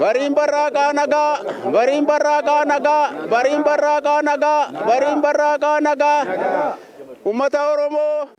வரிம்பராகானகா வரிம்பராகானகா வரிம்பராகானகா வரிம்பராகானகா ኡመታ ኦሮሞ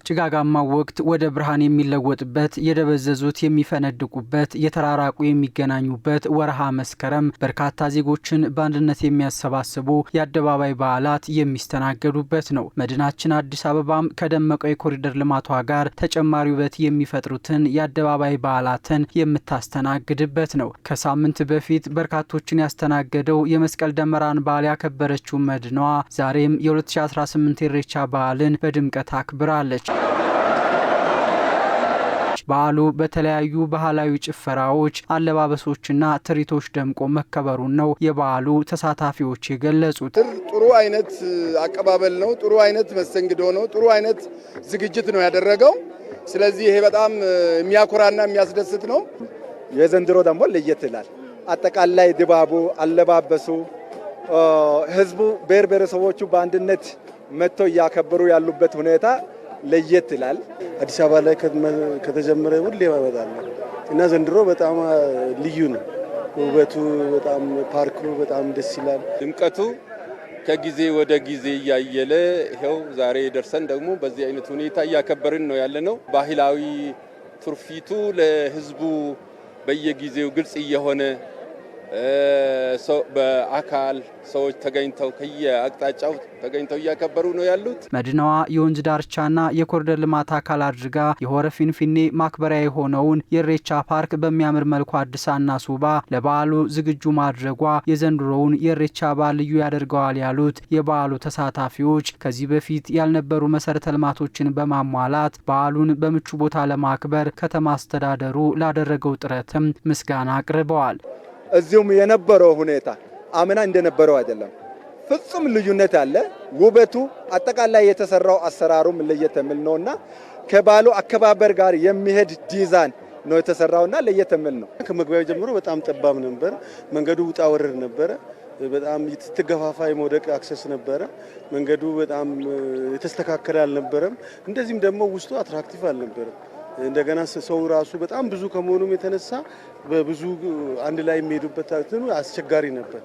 ጭጋጋማው ወቅት ወደ ብርሃን የሚለወጥበት የደበዘዙት የሚፈነድቁበት የተራራቁ የሚገናኙበት ወርሃ መስከረም በርካታ ዜጎችን በአንድነት የሚያሰባስቡ የአደባባይ በዓላት የሚስተናገዱበት ነው። መዲናችን አዲስ አበባም ከደመቀው የኮሪደር ልማቷ ጋር ተጨማሪ ውበት የሚፈጥሩትን የአደባባይ በዓላትን የምታስተናግድበት ነው። ከሳምንት በፊት በርካቶችን ያስተናገደው የመስቀል ደመራን በዓል ያከበረችው መዲናዋ ዛሬም የ2018 ኢሬቻ በዓልን በድምቀት አክብራለች። በዓሉ በተለያዩ ባህላዊ ጭፈራዎች፣ አለባበሶችና ትርኢቶች ደምቆ መከበሩን ነው የበዓሉ ተሳታፊዎች የገለጹት። ጥሩ አይነት አቀባበል ነው። ጥሩ አይነት መስተንግዶ ነው። ጥሩ አይነት ዝግጅት ነው ያደረገው። ስለዚህ ይሄ በጣም የሚያኮራና የሚያስደስት ነው። የዘንድሮ ደግሞ ለየት ይላል። አጠቃላይ ድባቡ፣ አለባበሱ፣ ህዝቡ ብሔር ብሔረሰቦቹ በአንድነት መጥተው እያከበሩ ያሉበት ሁኔታ ለየት ይላል። አዲስ አበባ ላይ ከተጀመረ ሁሌ ይመጣል እና ዘንድሮ በጣም ልዩ ነው። ውበቱ በጣም ፓርኩ በጣም ደስ ይላል። ድምቀቱ ከጊዜ ወደ ጊዜ እያየለ ይኸው ዛሬ ደርሰን ደግሞ በዚህ አይነት ሁኔታ እያከበርን ነው ያለ ነው። ባህላዊ ትርፊቱ ለህዝቡ በየጊዜው ግልጽ እየሆነ በአካል ሰዎች ተገኝተው ከየአቅጣጫው ተገኝተው እያከበሩ ነው ያሉት። መዲናዋ የወንዝ ዳርቻና የኮሪደር ልማት አካል አድርጋ የሆረ ፊንፊኔ ማክበሪያ የሆነውን የኢሬቻ ፓርክ በሚያምር መልኩ አድሳና ሱባ ለበዓሉ ዝግጁ ማድረጓ የዘንድሮውን የኢሬቻ በዓል ልዩ ያደርገዋል ያሉት የበዓሉ ተሳታፊዎች ከዚህ በፊት ያልነበሩ መሰረተ ልማቶችን በማሟላት በዓሉን በምቹ ቦታ ለማክበር ከተማ አስተዳደሩ ላደረገው ጥረትም ምስጋና አቅርበዋል። እዚሁም የነበረው ሁኔታ አምና እንደነበረው አይደለም። ፍጹም ልዩነት አለ። ውበቱ አጠቃላይ የተሰራው አሰራሩም ለየት የሚል ነውና ከባሉ አከባበር ጋር የሚሄድ ዲዛይን ነው እና ለየት የሚል ነው። ከመግቢያው ጀምሮ በጣም ጠባብ ነበር መንገዱ፣ ውጣ ወረድ ነበረ። በጣም ትገፋፋ የመውደቅ አክሰስ ነበረ። መንገዱ በጣም የተስተካከለ አልነበረም። እንደዚህም ደግሞ ውስጡ አትራክቲቭ አልነበረም። እንደገና ሰው ራሱ በጣም ብዙ ከመሆኑም የተነሳ በብዙ አንድ ላይ የሚሄዱበት ታክቲኑ አስቸጋሪ ነበር።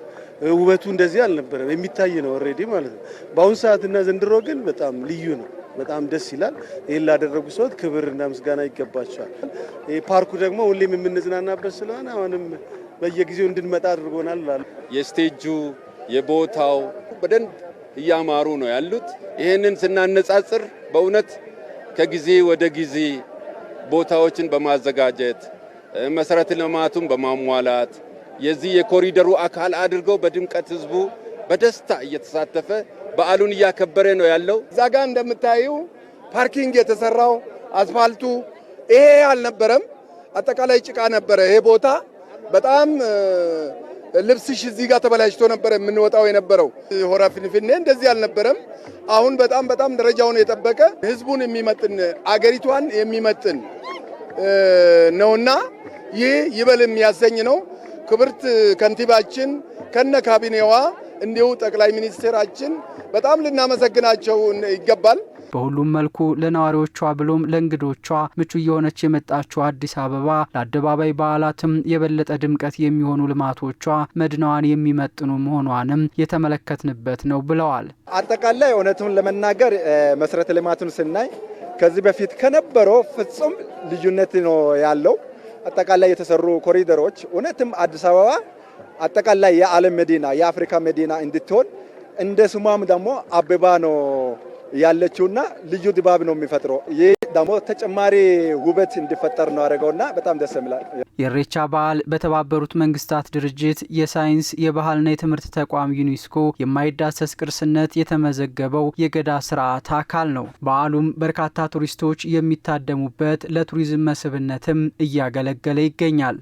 ውበቱ እንደዚህ አልነበረም፣ የሚታይ ነው ኦልሬዲ ማለት ነው። በአሁኑ እና ዘንድሮ ግን በጣም ልዩ ነው። በጣም ደስ ይላል። ይህን ላደረጉ ሰዎች እና ምስጋና ይገባቸዋል። ፓርኩ ደግሞ ሁሌም የምንዝናናበት ስለሆነ አሁንም በየጊዜው እንድንመጣ አድርጎናል። ላሉ የስቴጁ የቦታው በደንብ እያማሩ ነው ያሉት። ይህንን ስናነጻጽር በእውነት ከጊዜ ወደ ጊዜ ቦታዎችን በማዘጋጀት መሰረተ ልማቱን በማሟላት የዚህ የኮሪደሩ አካል አድርገው በድምቀት ህዝቡ በደስታ እየተሳተፈ በዓሉን እያከበረ ነው ያለው። እዛ ጋር እንደምታዩ ፓርኪንግ የተሰራው አስፋልቱ ይሄ አልነበረም፣ አጠቃላይ ጭቃ ነበረ። ይሄ ቦታ በጣም ልብስሽ እዚህ ጋር ተበላሽቶ ነበረ የምንወጣው የነበረው። ሆራ ፊንፊኔ እንደዚህ አልነበረም። አሁን በጣም በጣም ደረጃውን የጠበቀ ህዝቡን የሚመጥን አገሪቷን የሚመጥን ነውና ይህ ይበል የሚያሰኝ ነው። ክብርት ከንቲባችን ከነ ካቢኔዋ እንዲሁ ጠቅላይ ሚኒስትራችን በጣም ልናመሰግናቸው ይገባል። በሁሉም መልኩ ለነዋሪዎቿ ብሎም ለእንግዶቿ ምቹ እየሆነች የመጣችው አዲስ አበባ ለአደባባይ በዓላትም የበለጠ ድምቀት የሚሆኑ ልማቶቿ መድናዋን የሚመጥኑ መሆኗንም የተመለከትንበት ነው ብለዋል። አጠቃላይ እውነቱን ለመናገር መሰረተ ልማቱን ስናይ ከዚህ በፊት ከነበረው ፍጹም ልዩነት ነው ያለው። አጠቃላይ የተሰሩ ኮሪደሮች እውነትም አዲስ አበባ አጠቃላይ የዓለም መዲና የአፍሪካ መዲና እንድትሆን እንደ ስሟም ደግሞ አበባ ነው ያለችውና ልዩ ድባብ ነው የሚፈጥረው። ይህ ደግሞ ተጨማሪ ውበት እንዲፈጠር ነው አደረገውና በጣም ደስ ይላል። የኢሬቻ በዓል በተባበሩት መንግስታት ድርጅት የሳይንስ የባህልና የትምህርት ተቋም ዩኒስኮ የማይዳሰስ ቅርስነት የተመዘገበው የገዳ ስርዓት አካል ነው። በዓሉም በርካታ ቱሪስቶች የሚታደሙበት ለቱሪዝም መስህብነትም እያገለገለ ይገኛል።